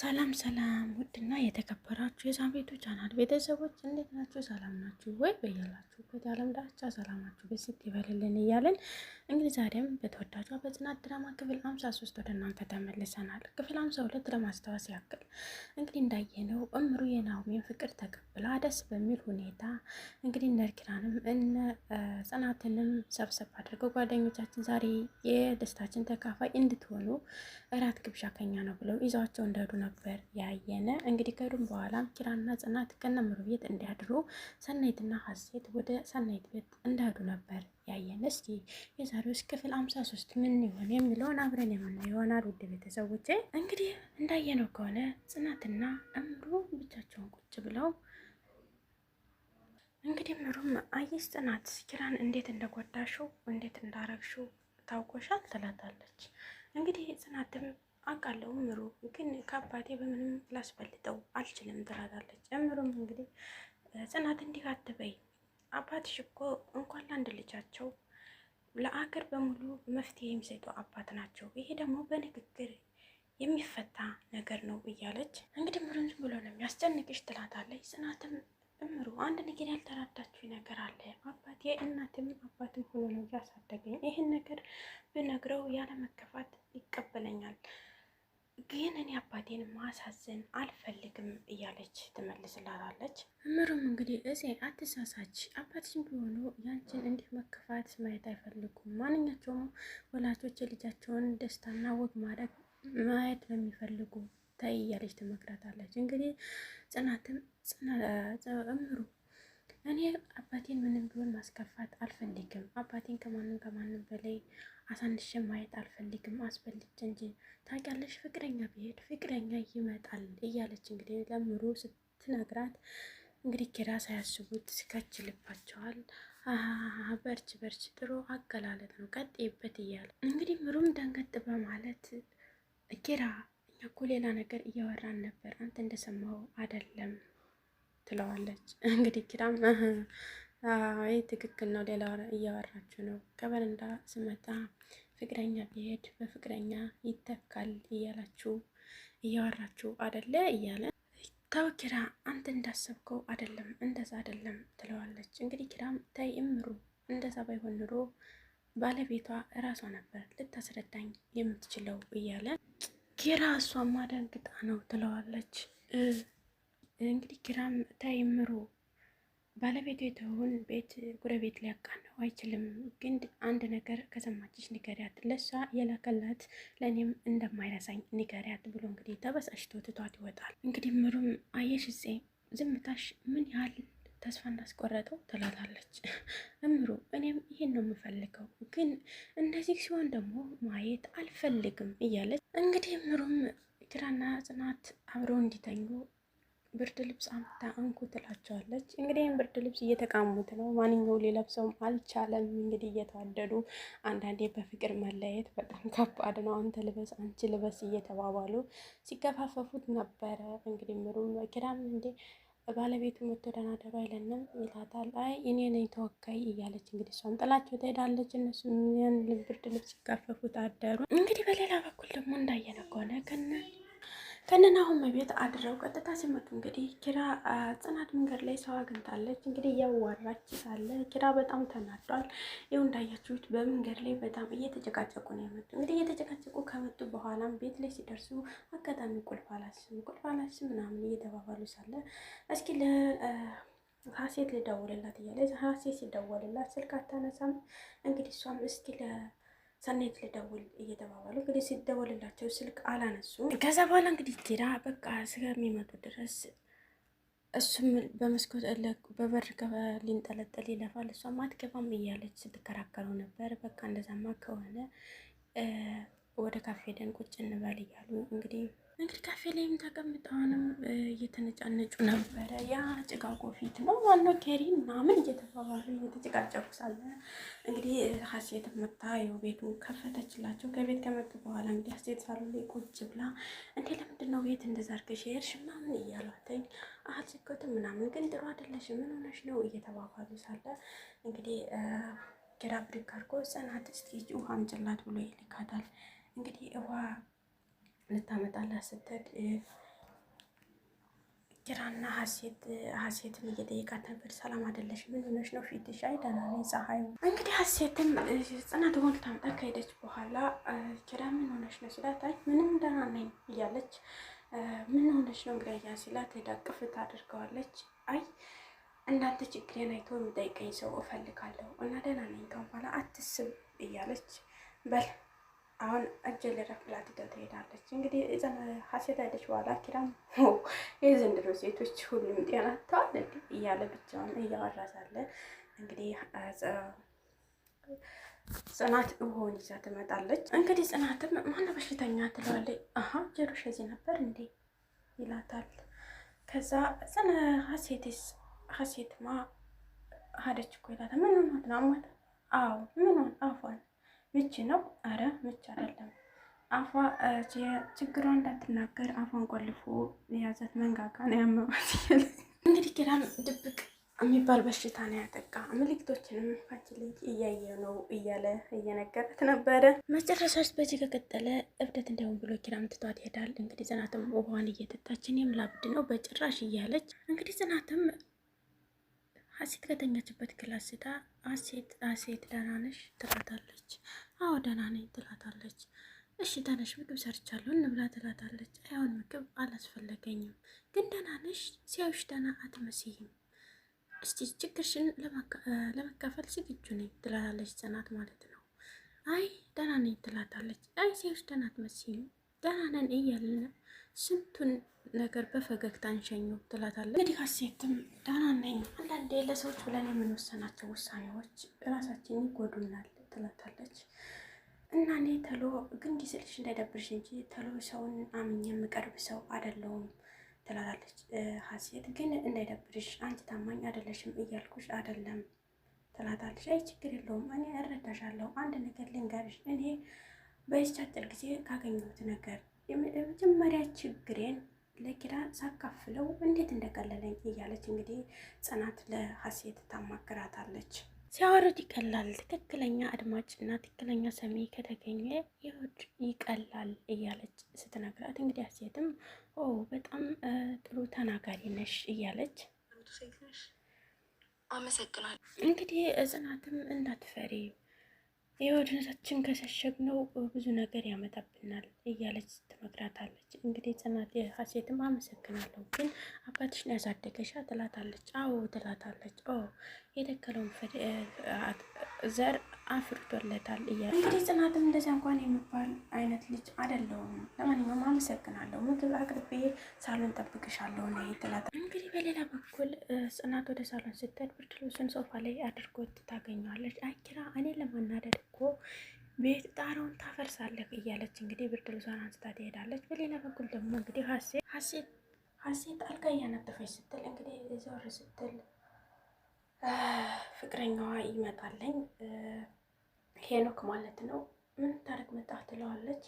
ሰላም ሰላም ውድና የተከበራችሁ የሳምቤቱ ቻናል ቤተሰቦች እንዴት ናችሁ? ሰላም ናችሁ ወይ? በያላችሁበት የዓለም ዳርቻ ሰላማችሁ በስት ይበልልን እያለን እንግዲህ ዛሬም በተወዳጇ በጽናት ድራማ ክፍል አምሳ ሶስት ወደ እናንተ ተመልሰናል። ክፍል አምሳ ሁለት ለማስታወስ ያክል እንግዲህ እንዳየነው እምሩ የናሆሜን ፍቅር ተቀብላ ደስ በሚል ሁኔታ እንግዲህ ነርኪራንም እነ ጽናትንም ሰብሰብ አድርገው ጓደኞቻችን ዛሬ የደስታችን ተካፋይ እንድትሆኑ እራት ግብዣ ከኛ ነው ብለው ይዘዋቸው እንደሄዱ ነው ነበር ያየነ። እንግዲህ ከዱም በኋላም ኪራና ጽናት ከነምሩ ቤት እንዲያድሩ ሰናይትና ሀሴት ወደ ሰናይት ቤት እንዳዱ ነበር ያየን። እስኪ የዛሬውስ ክፍል አምሳ ሶስት ምን ይሆን የሚለውን አብረን የምናየው ይሆናል። ውድ ቤተሰቦቼ እንግዲህ እንዳየነው ከሆነ ጽናትና እምሩ ብቻቸውን ቁጭ ብለው እንግዲህ ምሩም አየሽ ጽናት ኪራን እንዴት እንደጎዳሽው እንዴት እንዳረግሽው ታውቆሻል ትላታለች። እንግዲህ ጽናትም አውቃለሁ እምሩ ግን ከአባቴ በምንም ላስበልጠው አልችልም ትላታለች። እምሩም እንግዲህ ጽናት እንዲህ አትበይ፣ አባትሽ እኮ እንኳን ለአንድ ልጃቸው ለአገር በሙሉ መፍትሄ የሚሰጡ አባት ናቸው። ይሄ ደግሞ በንግግር የሚፈታ ነገር ነው እያለች እንግዲህ እምሩን ዝም ብሎ ነው የሚያስጨንቅሽ ትላታለች። ጽናትም እምሩ አንድ ነገር ያልተረዳችሁ ነገር አለ። አባቴ እናትም አባትም ሆኖ ነው ያሳደገኝ። ይህን ነገር ብነግረው ያለመከፋት ይቀበለኛል ግን እኔ አባቴን ማሳዘን አልፈልግም እያለች ትመልስላታለች። እምሩም እንግዲህ እሴ አትሳሳች፣ አባትሽን ቢሆኑ ያንችን እንዲህ መከፋት ማየት አይፈልጉም። ማንኛቸውም ወላጆች የልጃቸውን ደስታና ወግ ማድረግ ማየት በሚፈልጉ ተይ እያለች ትመክራታለች። እንግዲህ ጽናትም እምሩ እኔ አባቴን ምንም ቢሆን ማስከፋት አልፈልግም። አባቴን ከማንም ከማንም በላይ አሳንሽም ማየት አልፈልግም አስፈልጌ እንጂ ታውቂያለሽ፣ ፍቅረኛ ብሄድ ፍቅረኛ ይመጣል እያለች እንግዲህ ለምሩ ስትነግራት እንግዲህ ኪራ ሳያስቡት ስከች ልባቸዋል። በርች በርች ጥሩ አገላለጥ ነው ቀጤበት እያለ እንግዲህ ምሩም ደንገጥ በማለት ኪራ እኛ እኮ ሌላ ነገር እያወራን ነበር፣ አንተ እንደሰማው አይደለም ትለዋለች። እንግዲህ ኪራም አይ ትክክል ነው። ሌላ እያወራችሁ ነው። ከበረንዳ ስመጣ ፍቅረኛ ቢሄድ በፍቅረኛ ይተካል እያላችሁ እያወራችሁ አደለ እያለ ተው ኪራ፣ አንተ እንዳሰብከው አደለም፣ እንደዛ አደለም ትለዋለች። እንግዲህ ኪራም ተይ እምሩ፣ እንደዛ ባይሆን ኑሮ ባለቤቷ እራሷ ነበር ልታስረዳኝ የምትችለው እያለ ኪራ፣ እሷማ ደንግጣ ነው ትለዋለች። እንግዲህ ኪራም ተይ እምሩ ባለቤቱ የተውን ቤት ጉረቤት ሊያቃነው አይችልም። ግን አንድ ነገር ከሰማችሽ ንገሪያት፣ ለሷ የላከላት ለእኔም እንደማይረሳኝ ንገሪያት ብሎ እንግዲህ ተበሳሽቶ ትቷት ይወጣል። እንግዲህ ምሩም አየሽ ዜ ዝምታሽ ምን ያህል ተስፋ እንዳስቆረጠው ትላታለች። እምሩ እኔም ይሄን ነው የምፈልገው፣ ግን እንደዚህ ሲሆን ደግሞ ማየት አልፈልግም እያለች እንግዲህ ምሩም ኪራና ጽናት አብረው እንዲተኙ ብርድ ልብስ አምታ እንኩ ትላቸዋለች። እንግዲህ ይህን ብርድ ልብስ እየተቃሙት ነው። ማንኛውም ሊለብሰውም አልቻለም። እንግዲህ እየተዋደዱ አንዳንዴ በፍቅር መለየት በጣም ከባድ ነው። አንተ ልበስ፣ አንቺ ልበስ እየተባባሉ ሲገፋፈፉት ነበረ። እንግዲህ ምሩም ኪራም እንዴ ባለቤቱ መቶ ደህና ደሩ አይለንም ይላታል። አይ እኔ ነኝ ተወካይ እያለች እንግዲህ እሷም ጥላቸው ትሄዳለች። እነሱ ያን ብርድ ልብስ ሲጋፈፉት አደሩ። እንግዲህ በሌላ በኩል ደግሞ እንዳየነ ከሆነ ከነ ከነናሁም ቤት አድረው ቀጥታ ሲመጡ እንግዲህ ኪራ ጽናት መንገድ ላይ ሰው አግኝታለች። እንግዲህ እያዋራች ሳለ ኪራ በጣም ተናዷል። ይኸው እንዳያችሁት በመንገድ ላይ በጣም እየተጨቃጨቁ ነው የመጡ። እንግዲህ እየተጨቃጨቁ ከመጡ በኋላም ቤት ላይ ሲደርሱ አጋጣሚ ቁልፍ አላስም ቁልፍ አላስም ምናምን እየተባባሉ ሳለ እስኪ ለ ሀሴት ልደውልላት እያለ ሀሴት ሲደወልላት ስልክ አታነሳም። እንግዲህ እሷም እስኪ ሰኔት ልደውል እየተባባሉ እንግዲህ ሲደወልላቸው ስልክ አላነሱም። ከዛ በኋላ እንግዲህ ኪራ በቃ እስከሚመጡ ድረስ እሱም በመስኮት በበር ሊንጠለጠል ይለፋል። እሷም አትገባም እያለች ስትከራከሩ ነበር። በቃ እንደዛማ ከሆነ ወደ ካፌ ደን ቁጭ እንበል እያሉ እንግዲህ እንግዲህ ካፌ ላይም ተቀምጠውንም እየተነጫነጩ ነበረ። ያ ጭጋጎ ፊት ነው ዋናው ኬሪ ምናምን እየተባባሉ እየተጨቃጨቁ ሳለ እንግዲህ ሀሴት መታ የው ቤቱ ከፈተችላቸው። ከቤት ከመጡ በኋላ እንግዲህ ሀሴት ሳሉ ላይ ቁጭ ብላ እንዴ ለምንድን ነው ቤት እንደዛ አድርገሽ ሄድሽ ምናምን እያሏተኝ አልችኮትም ምናምን ግን ጥሩ አይደለሽ ምን ሆነሽ ነው እየተባባሉ ሳለ እንግዲህ ጌራ አድርጎ ጽናት እስኪ ውሃ አምጪላት ብሎ ይልካታል። እንግዲህ ውሃ ልታመጣላት ስትሄድ ኪራና ሀሴት ሀሴትን እየጠየቃት ነበር። ሰላም አይደለሽ? ምን ሆነሽ ነው? ፊትሽ አይደለም ፀሐዩ። እንግዲህ ሀሴትም ጽናት ሆን ታምጣ ከሄደች በኋላ ኪራ ምን ሆነሽ ነው ሲላት፣ አይ ምንም ደህና ነኝ እያለች ምን ሆነሽ ነው እንግዲህ ያ ሲላት፣ ሄዳ ቅፍት አድርገዋለች። አይ እናንተ ችግሬን አይቶ የሚጠይቀኝ ሰው እፈልጋለሁ እና ደህና ነኝ ከኋላ አትስብ እያለች በል አሁን እጄ ልረፍላት ይዘው ትሄዳለች። እንግዲህ እዛም ሀሴት አይደች በኋላ ኪራም የዘንድሮ ሴቶች ሁሉም ጤና ተዋል እያለ ብቻውን እያወራሳለ እንግዲህ ጽናት ውሆን ይዛ ትመጣለች። እንግዲህ ጽናትም ማነ በሽተኛ ትለዋለች። አሀ ጀሮሽ እዚህ ነበር እንዴ ይላታል። ከዛ ጽነ ሀሴትስ ሀሴትማ ሀደች እኮ ይላታል። ምን ሆኗት ነው? አዎ ምን ሆን አፏን ምች ነው? አረ ምች አይደለም። አፏ ችግሯን እንዳትናገር አፏን ቆልፎ የያዘት መንጋጋ ነው ያመባት። እንግዲህ ኪራም ድብቅ የሚባል በሽታ ነው ያጠቃ። ምልክቶችንም ፋንቺ ልጅ እያየ ነው እያለ እየነገረት ነበረ። መጨረሻች በዚህ ከቀጠለ እብደት እንደውም ብሎ ኪራም ትቷት ይሄዳል። እንግዲህ ጽናትም ውሃን እየጠጣችን የምላብድ ነው በጭራሽ እያለች እንግዲህ ጽናትም ሀሴት ከተኛችበት ክላስ ስታ ሀሴት ሀሴት ደህና ነሽ ትላታለች። አዎ ደህና ነኝ ትላታለች። እሺ ተነሽ ምግብ ሰርቻለሁ እንብላ ትላታለች። አሁን ምግብ አላስፈለገኝም፣ ግን ደህና ነሽ ሲያዩሽ ደህና አትመስይም። እስቲ ችግርሽን ለመካፈል ዝግጁ ነኝ ትላታለች። ጽናት ማለት ነው። አይ ደህና ነኝ ትላታለች። አይ ሲያዩሽ ደህና አትመስይም፣ ደህና ነን እያልን ስንቱን ነገር በፈገግታ እንሸኙ ትላታለች። እንግዲህ ሀሴትም ደህና ነኝ፣ አንዳንዴ ለሰዎች ብለን የምንወሰናቸው ውሳኔዎች እራሳችን ይጎዱናል ትላታለች። እና እኔ ተሎ ግን ዲስልሽ እንዳይደብርሽ እንጂ ተሎ ሰውን አምኜ የምቀርብ ሰው አይደለሁም ትላታለች ሀሴት። ግን እንዳይደብርሽ አንቺ ታማኝ አይደለሽም እያልኩሽ አይደለም ትላታለች። አይ ችግር የለውም እኔ እረዳሻለሁ። አንድ ነገር ልንገርሽ፣ እኔ በዚች አጭር ጊዜ ካገኘሁት ነገር የመጀመሪያ ችግሬን ለኪዳ ሳካፍለው እንዴት እንደቀለለኝ እያለች እንግዲህ ጽናት ለሀሴት ታማክራታለች። ሲያወርድ ይቀላል። ትክክለኛ አድማጭና ትክክለኛ ሰሚ ከተገኘ ይሁድ ይቀላል እያለች ስትነግራት እንግዲህ ሀሴትም ኦ በጣም ጥሩ ተናጋሪ ነሽ እያለች አመሰግናል። እንግዲህ ጽናትም እንዳትፈሪ የወደታችን ነው ብዙ ነገር ያመጣብናል እያለች ትመክራታለች። እንግዲህ ጽናት ሀሴትም አመሰግናለሁ፣ ግን አባትሽ ነው ያሳደገሻ ትላታለች። አዎ ትላታለች። ኦ የተከለውን ዘር አፍርቶለታል እያለ እንግዲህ ጽናትም እንደዚያ እንኳን የሚባል አይነት ልጅ አይደለሁም። ለማንኛውም አመሰግናለሁ፣ ምግብ አቅርቤ ሳሎን ጠብቅሻለሁ ነ ትላታለች። እንግዲህ በሌላ በኩል ጽናት ወደ ሳሎን ስትሄድ ብርድ ልብሱን ሶፋ ላይ አድርጎት ታገኘዋለች። አኪራ እኔ ለማናደድ እኮ ቤት ጣራውን ታፈርሳለህ እያለች እንግዲህ ብርድ ልብሷን አንስታ ትሄዳለች። በሌላ በኩል ደግሞ እንግዲህ ሀሴት ሀሴት አልጋ እያነጠፈች ስትል እንግዲህ ዞር ስትል ፍቅረኛዋ ይመጣለኝ ሄኖክ ማለት ነው። ምን ታሪክ መጣ ትለዋለች።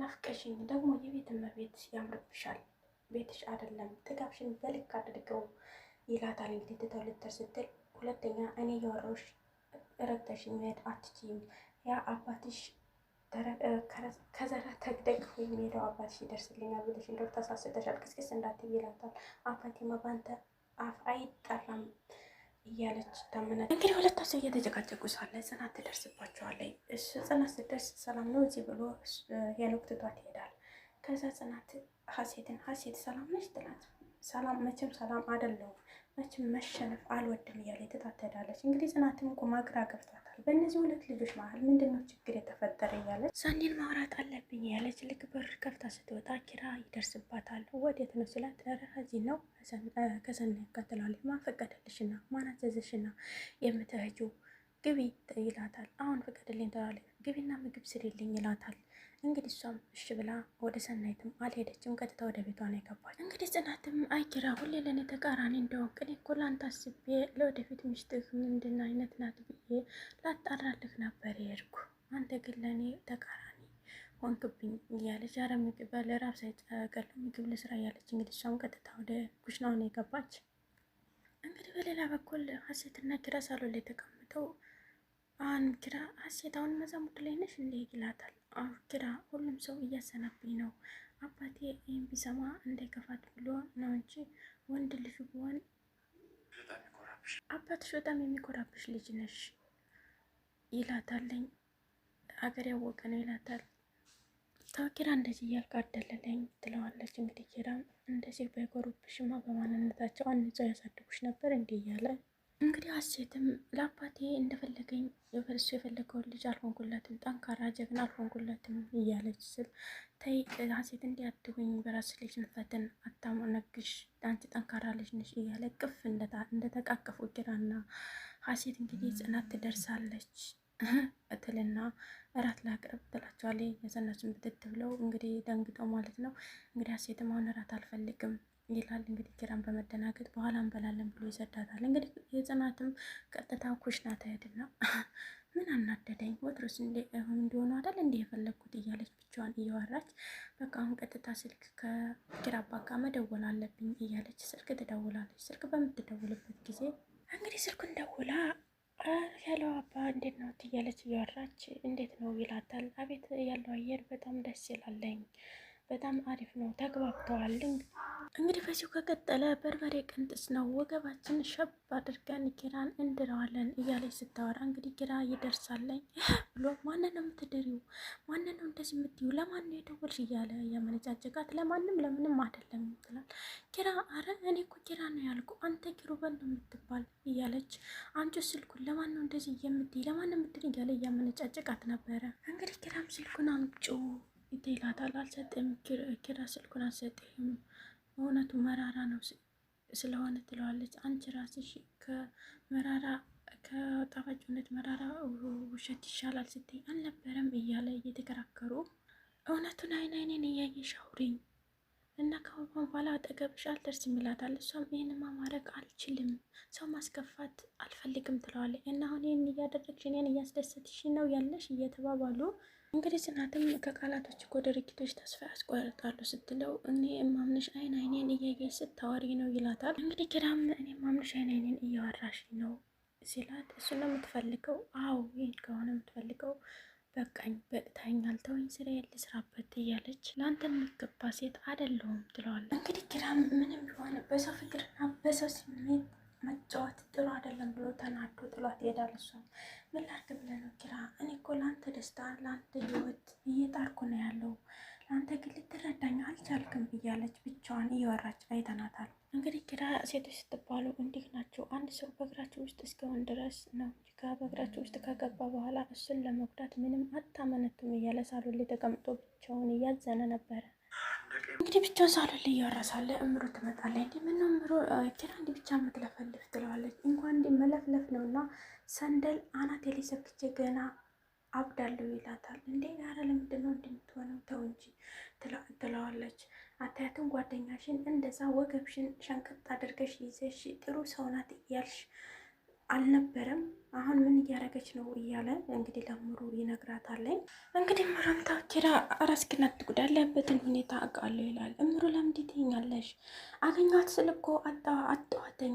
ናፍቀሽኝ ደግሞ የቤት እመቤት ያምርብሻል፣ ቤትሽ አይደለም ጥጋብሽን በልክ አድርገው ይላታል። እንግዲህ ትተው ልትሄድ ስትል ሁለተኛ እኔ የወረውሽ ረግጠሽ መሄድ አትችይም፣ ያ አባትሽ ከዘራ ተግደግፎ የሚሄደው አባትሽ ይደርስልኛል ብለሽ እንደው ተሳስተሻል፣ ቅስቅስ እንዳትይ ይላታል። አባቴማ ባንተ አፍ አይጠራም እያለች ታመናል። እንግዲህ ሁለታቸው እየተጨቃጨቁ ሳለ ጽናት ትደርስባቸዋለች። እሱ ጽናት ስትደርስ ሰላም ነው እዚህ ብሎ ሄኖክ ትቷት ይሄዳል። ከዛ ጽናት ሀሴትን ሀሴት ሰላም ነች ትላት። ሰላም መቼም ሰላም አይደለሁም መቼም መሸነፍ አልወድም እያለ ትታት ትሄዳለች። እንግዲህ ጽናትም ቁማ ግራ ገብቷል። ይኖራል። በእነዚህ ሁለት ልጆች መሀል ምንድነው ችግር የተፈጠረ እያለች ሰኒን ማውራት አለብኝ ያለች ልክ በር ከፍታ ስትወጣ ኪራ ይደርስባታል። ወዴት ነው ስላት ረሀዚህ ነው ከሰኒ ያጋጥላል። ማን ፈቀደልሽና ማን አዘዘሽና የምትሄጂው ግቢ ይላታል። አሁን ፍቀድልኝ ትላለች። ግቢና ምግብ ስሪልኝ ይላታል። እንግዲህ እሷም እሺ ብላ ወደ ሰናይትም አልሄደችም። ቀጥታ ወደ ቤቷ ነው የገባች። እንግዲህ ጽናትም አይኪራ ሁሌ ለእኔ ተቃራኒ እንደወቅ እኔ እኮ ላንተ አስቤ ለወደፊት ምሽትህ ምንድን አይነት ናት ብዬ ላጣራልህ ነበር የሄድኩ አንተ ግን ለእኔ ተቃራኒ ሆንክብኝ እያለች ኧረ ምግብ ለራብ ሳይጠቀል ምግብ ለስራ እያለች እንግዲህ እሷም ቀጥታ ወደ ኩሽና ነው የገባች። እንግዲህ በሌላ በኩል ሀሴትና ኪራ ሳሎን ላይ ተቀምጠው አን ኪራ ሀሴት አሁንም እዛ ላይ ነሽ እንዴ ይላታል። አሁ ኪራ ሁሉም ሰው እያሰናብኝ ነው አባቴ ይህን ቢሰማ እንዳይከፋት ብሎ ነው እንጂ ወንድ ልጁ ቢሆን አባትሽ በጣም የሚኮራብሽ ልጅ ነሽ ይላታለኝ። ሀገር ያወቀ ነው ይላታል። ታው ኪራ እንደዚህ እያልክ አደለለኝ ትለዋለች። እንግዲህ ኪራም እንደዚህ ባይኮሩብሽማ በማንነታቸው አንድ ሰው ያሳድጉሽ ነበር እንዲህ እያለን እንግዲህ ሀሴትም ለአባቴ እንደፈለገኝ እርሱ የፈለገውን ልጅ አልሆንኩለትም፣ ጠንካራ ጀግና አልሆንኩለትም እያለች ስል ተይ ሀሴት እንዲያድጉኝ በራስ ልጅ ንፈትን አታሞነግሽ፣ አንቺ ጠንካራ ልጅ ነሽ እያለ ቅፍ እንደተቃቀፉ ኪራና ሀሴት እንግዲህ ጽናት ትደርሳለች እትልና እራት ላቅርብ ትላቸዋለች። የዘነሱን ብትት ብለው እንግዲህ ደንግጠው ማለት ነው። እንግዲህ ሀሴትም አሁን እራት አልፈልግም ይላል እንግዲህ ኪራም በመደናገጥ በኋላ እንበላለን ብሎ ይሰዳታል። እንግዲህ የጽናትም ቀጥታ ኩሽና ትሄድና ምን አናደደኝ ወትሮስ እንደሆን አይደል እንዲህ የፈለግኩት እያለች ብቻዋን እያወራች በቃ አሁን ቀጥታ ስልክ ከኪራ አባካ መደወል አለብኝ እያለች ስልክ ትደውላለች። ስልክ በምትደውልበት ጊዜ እንግዲህ ስልኩን ደውላ ያለው አባ እንዴት ነው እያለች እያወራች እንዴት ነው ይላታል። አቤት ያለው አየር በጣም ደስ ይላለኝ በጣም አሪፍ ነው። ተግባብተዋል። እንግዲህ በዚሁ ከቀጠለ በርበሬ ቅንጥስ ነው፣ ወገባችን ሸብ አድርገን ኪራን እንድረዋለን እያለች ስታወራ እንግዲህ ኪራ ይደርሳለኝ ብሎ ማንን ነው የምትድሪው? ማንን ነው እንደዚህ የምትዩ? ለማን ነው የደወልሽ? እያለ የመነጫጭቃት ለማንም ለምንም አይደለም ይላል። ኪራ አረ እኔ እኮ ኪራ ነው ያልኩ አንተ ኪሩበል ነው የምትባል እያለች አንቺ ስልኩን ለማን ነው እንደዚህ የምትይ? ለማን ነው የምትል? እያለ እያመነጫጭቃት ነበረ እንግዲህ ኪራም ስልኩን አምጪው ፊት ይላታል። አልሰጥም ኪራ ስልኩን አልሰጥም፣ እውነቱ መራራ ነው ስለሆነ ትለዋለች። አንቺ ራስሽ ከመራራ ከጣፋጭነት መራራ ውሸት ይሻላል ስትይ አልነበረም እያለ እየተከራከሩ እውነቱን አይን አይኔን እያየሽ አውሪኝ እና ከአሁን በኋላ አጠገብሽ አልደርስም ይላታል። እሷም ይህንማ ማድረግ አልችልም፣ ሰው ማስከፋት አልፈልግም ትለዋለች። እና አሁን ይህን እያደረግሽ እኔን እያስደሰትሽ ነው ያለሽ እየተባባሉ እንግዲህ ጽናትም ከቃላቶች እኮ ድርጊቶች ተስፋ ያስቆርጣሉ ስትለው እኔ የማምንሽ አይን አይኔን እያየ ስታወሪ ነው ይላታል። እንግዲህ ኪራም እኔ የማምንሽ አይን አይኔን እያወራሽ ነው ሲላት እሱ ነው የምትፈልገው? አዎ ይህን ከሆነ የምትፈልገው በቃኝ፣ በቅታኛል፣ ተወኝ፣ ስራዬን ልስራበት እያለች ለአንተ የምትገባ ሴት አይደለሁም ትለዋለች። እንግዲህ ኪራም ምንም ቢሆን በሰው ፍቅርና በሰው ስሜት መጫወት ጥሩ አይደለም ብሎ ተናዶ ጥሏት ይሄዳል። እሷም ምን ላድርግ ብለህ ነው ኪራ? እኔ እኮ ለአንተ ደስታ ለአንተ ህይወት እየጣርኩ ነው ያለው ለአንተ ግን ልትረዳኝ አልቻልክም ብያለች። ብቻዋን እየወራች አይተናታል። እንግዲህ ኪራ ሴቶች ስትባሉ እንዲህ ናቸው። አንድ ሰው በእግራቸው ውስጥ እስከሆን ድረስ ነው በእግራቸው ውስጥ ከገባ በኋላ እሱን ለመጉዳት ምንም አታመነቱም እያለ ሳሎን ላይ ተቀምጦ ብቻውን እያዘነ ነበረ። እንግዲህ ብቻ ሳሎን ላይ እያወራሳለ እምሮ ትመጣለች። እንደምነው እምሮ ኪራ እንዲህ ብቻ የምትለፈልፍ ትለዋለች። እንኳን እንዲ መለፍለፍ ነው እና ሰንደል አናቴ ላይ ገና አብዳለሁ ይላታል። እንዴ ያረ ለምንድን ነው እንደምትሆነው ተው እንጂ ትለዋለች። አታያትን ጓደኛሽን እንደዛ ወገብሽን ሸንቀጥ አድርገሽ ይዘሽ ጥሩ ሰውናት ናት እያልሽ አልነበረም። አሁን ምን እያደረገች ነው እያለ እንግዲህ ለምሩ ይነግራታለኝ። እንግዲህ ምሩም ታውቴራ ራስክን አትጉዳ ያለበትን ሁኔታ አውቃለሁ ይላል። እምሩ ለምንድ ትይኛለሽ? አገኛት ስል እኮ አጠዋተኝ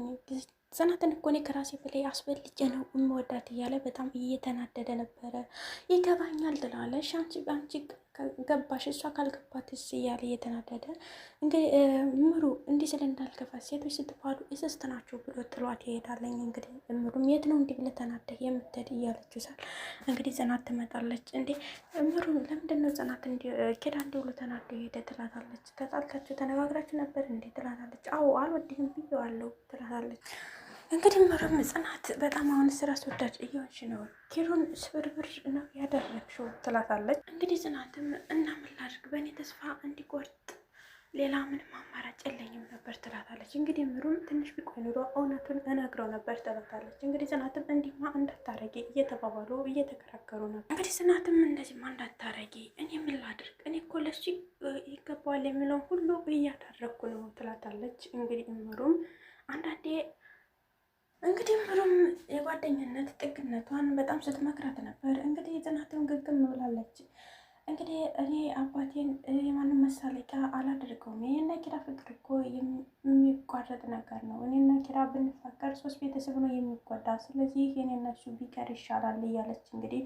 ጽናትን እኮ እኔ ከራሴ በላይ አስበልጬ ነው የምወዳት እያለ በጣም እየተናደደ ነበረ። ይገባኛል ትላለሽ አንቺ አንቺ ገባሽ እሷ ካልገባትስ እያለ እየተናደደ እንግዲህ እምሩ እንዲህ ስል እንዳልገባት ሴቶች ስትባሉ እስስት ናቸው ብሎ ጥሏት ይሄዳለኝ። እንግዲህ እምሩም የት ነው እንዲህ ብለህ ተናደህ የምትሄድ እያለች ይዛል። እንግዲህ ጽናት ትመጣለች። እንዴ እምሩ ለምንድን ነው ጽናት ኬዳ እንዲህ ብሎ ተናደ ሄደ ትላታለች። ተጣልታችሁ ተነጋግራችሁ ነበር እንዴ ትላታለች። አዎ አልወድህም ብዬዋለሁ ትላታለች። እንግዲህ ምሩም ጽናት በጣም አሁን ስራ አስወዳጅ እየሆንሽ ነው፣ ኪሩን ስብርብር ነው ያደረግሽው ትላታለች። እንግዲህ ጽናትም እና ምን ላድርግ በእኔ ተስፋ እንዲቆርጥ ሌላ ምንም አማራጭ የለኝም ነበር ትላታለች። እንግዲህ ምሩም ትንሽ ቢቆይ ኑሮ እውነቱን እነግረው ነበር ትላታለች። እንግዲህ ጽናትም እንዲህማ እንዳታረጊ እየተባባሉ እየተከራከሩ ነበር። እንግዲህ ጽናትም እንደዚህማ እንዳታረጊ እኔ ምን ላድርግ እኔ እኮ ለሱ ይገባዋል የሚለውን ሁሉ እያደረግኩ ነው ትላታለች። እንግዲህ ምሩም አንዳንዴ እንግዲህ ምሩም የጓደኝነት ጥግነቷን በጣም ስትመክራት ነበር። እንግዲህ ጽናትም ግግም ብላለች። እንግዲህ እኔ አባቴን የማንም መሳለቂያ አላደርገውም። ይህና ኪራ ፍቅር እኮ የሚቋረጥ ነገር ነው። እኔና ኪራ ብንፋቀር ሶስት ቤተሰብ ነው የሚጎዳ። ስለዚህ የኔና እሱ ቢቀር ይሻላል እያለች እንግዲህ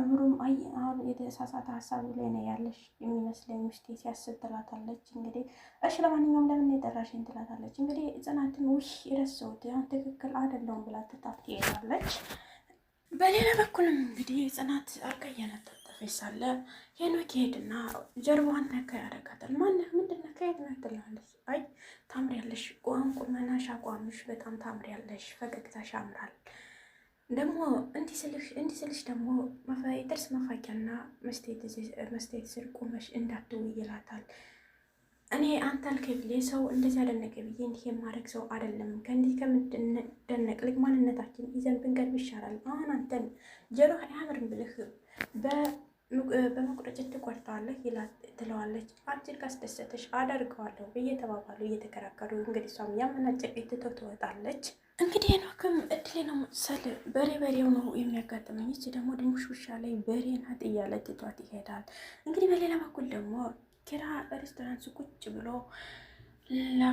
እምሩም አይ አሁን የተሳሳተ ሀሳብ ላይ ነው ያለሽ የሚመስለኝ ውስጤ ሲያስብ ትላታለች። እንግዲህ እሺ ለማንኛውም ለምን የጠራሽኝ ትላታለች። እንግዲህ ጽናትን ውሽ የረሰውት አሁን ትክክል አይደለውም ብላ ትታት ትሄዳለች። በሌላ በኩልም እንግዲህ ጽናት አርቀየነት እያለፈች ሳለ ሄኖክ ይሄድና ጀርባዋን ነካ ያደረጋታል። ማነህ? ምንድን ነካ? የት ነው ትላለች። አይ ታምሪያለሽ፣ ቁመናሽ፣ አቋምሽ በጣም ታምሪያለሽ፣ ፈገግታሽ ያምራል። ደግሞ እንዲህ ስልሽ ደግሞ የጥርስ መፋቂያና መስታወት ስር ቁመሽ እንዳትውይ ይላታል። እኔ አንተ አልከኝ ብዬ ሰው እንደዚህ አደነቀ ብዬ እንዲህ የማድረግ ሰው አይደለም። ከእንዲህ ከምደነቅ ልቅ ማንነታችን ይዘን ብንቀርብ ይሻላል። አሁን አንተን ጀሮ አያምርም ብልህ በመቁረጭ ትቆርጠዋለህ ትለዋለች። አንቺን ካስደሰተሽ አደርገዋለሁ እየተባባሉ እየተከራከሩ እንግዲህ እሷም ያመናጨቅ ትተው ትወጣለች። እንግዲህ ሄኖክም እድሌ ነው መሰል በሬ በሬው ነው የሚያጋጥመኝ፣ እች ደግሞ ውሻ ላይ በሬ ናት እያለ ትቷት ይሄዳል። እንግዲህ በሌላ በኩል ደግሞ ኪራ ሬስቶራንት ቁጭ ብሎ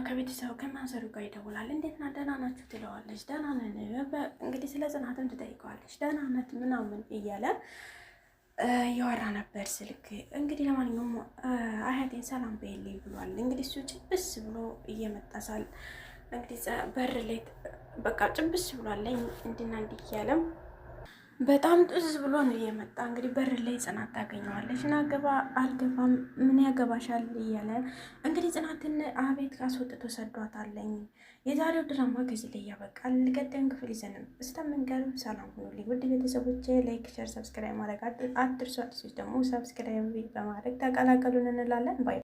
ከቤተሰቡ ከማዘሩ ጋር ይደውላል። እንዴት ና ደህና ናችሁ ትለዋለች። ደህና ነን እንግዲህ ስለ ጽናትም ትጠይቀዋለች። ደህና ናት ምናምን እያለ እያወራ ነበር ስልክ። እንግዲህ ለማንኛውም አያቴን ሰላም በየልኝ ብሏል። እንግዲህ እሱ ጭብስ ብሎ እየመጣሳል እንግዲህ በር ላይ በቃ ጭብስ ብሏለኝ እንድና እንዲህ ያለም በጣም ጥዝ ብሎ ነው እየመጣ እንግዲህ በር ላይ ጽናት ታገኘዋለች እና ገባ አልገባም ምን ያገባሻል እያለ እንግዲህ ጽናትን አቤት አስወጥቶ ሰዷታለኝ። የዛሬው ድራማ ከዚህ ላይ ያበቃል። ቀጣዩን ክፍል ይዘንም እስከምንቀርብ ሰላም ሁኑልኝ ውድ ቤተሰቦቼ። ላይክ፣ ሸር፣ ሰብስክራይብ ማድረግ አትርሱ። አዲሶች ደግሞ ሰብስክራይብ በማድረግ ተቀላቀሉን እንላለን ባይ